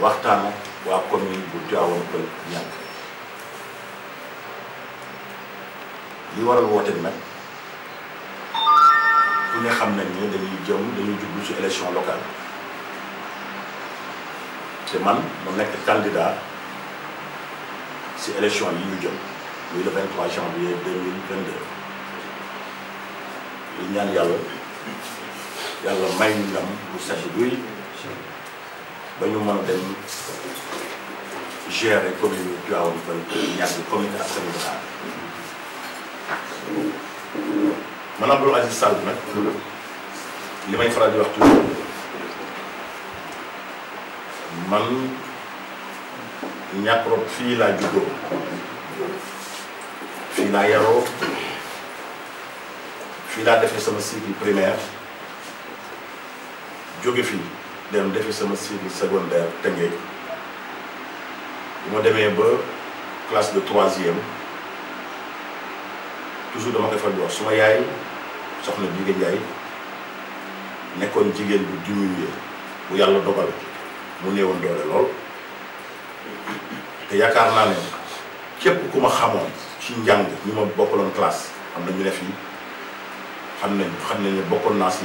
waxtaana waa commune bu Tivaouane Peulh Niaga li waral woote bi nag ku ne xam nañ ne dañuy jëm dañuy jublu ci élection locale te man ma nekk candidat ci élection yi ñu jëm muy le 23 janvier 2022 li ñaan yàlla yàlla may ñu ndam bu sedd guy ba ñu mën a dem gérer commune bi Tivaouane Peulh ñaar bi commune ak commune Dakar man Abdoul Aziz Sall nag li may faral di wax toujours man ñàkk rob fii laa juddoo fii laa yaroo fii laa defee dem defe sama cycle secondaire Tëngéej bu ma demee ba classe de troisième toujours dama koy faral di wax suma yaay soxna Jigéen Njaay nekkoon jigéen bu diminué bu yàlla dogal mu néewoon doole lool te yaakaar naa ne képp ku ma xamoon ci njàng ñu ma bokkaloon classe am na ñu ne fii xam nañ xam nañ ni bokkoon naa si.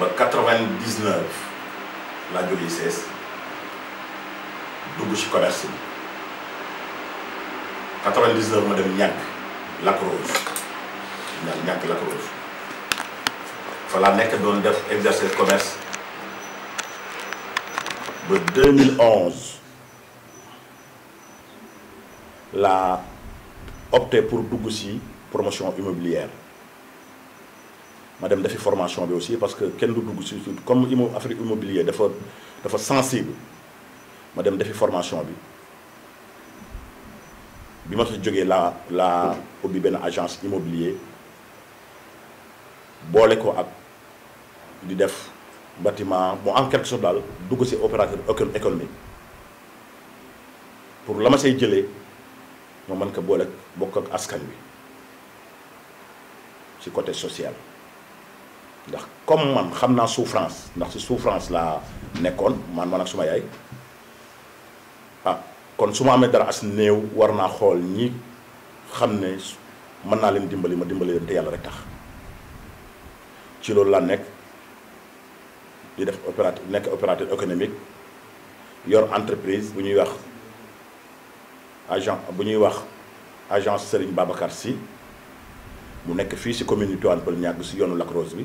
99 la diocèse Dougouchi commerce 99 madame Niang la Croze Niang la Croze voilà nek don def de commerce de 2011 l'a opté pour Dougouchi promotion immobilière Madame fait formation aussi parce que comme immo immobilier sensible ma dem formation bi bi ma sa la agence immobilier bolé ko ak di bâtiment en quelque sorte dal dugg ci opérateur économique pour la ma say que askan côté social ndax comme man xam naa souffrance ndax si souffrance laa nekkoon man man ak suma yaay ah kon su ma amee dara as néew war naa xool ñi xam ne mën naa leen dimbali ma dimbali leen te yàlla rek tax ci loolu laa nekk di def opérateur nekk opérateur économique yor entreprise bu ñuy wax agent bu ñuy wax agent Serigne Babacar si mu nekk fii si commune Tivaouane Peulh Niaga si yoonu Lac Rose bi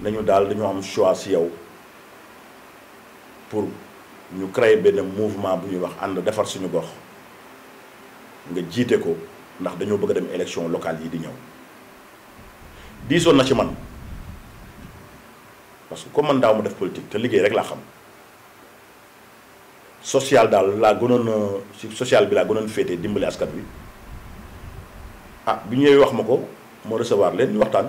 nañu daal dañoo am choix si yow pour ñu créer benn mouvement bu ñuy wax ànd defar suñu gox nga jiite ko ndax dañoo bëgg a dem élection locale yi di ñëw diisoon na ci man parce que comme man daaw ma def politique te liggéey rek laa xam social daal laa gënoon si social bi laa gënoon féete dimbali askan bi ah bi ñuy wax ma ko moo recevoir leen ñu waxtaan.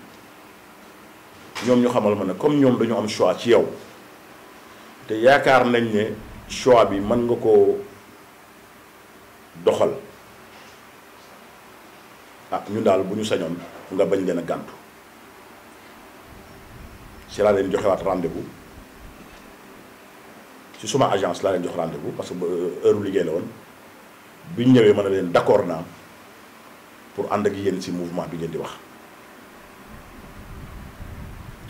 ñoom ñu xamal ma ne comme ñoom dañu am choix ci yow te yaakaar nañ ne choix bi mën nga koo doxal ah ñun daal bu ñu sañoon nga bañ leen a gàntu ci laa leen joxewaat rendez-vous ci suma agence laa leen jox rendez-vous parce que euh, heure liggéey la woon bi ñu ñëwee man a leen d'accord naa pour ànd ak yéen si mouvement bi ngeen di wax.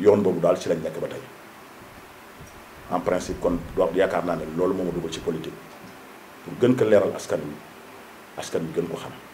yoon boobu daal ci lañ nekk ba tey en principe kon do yaakaar naa ne loolu moo ma dugal ci politique pour gën ko leeral askan wi askan wi gën ko xam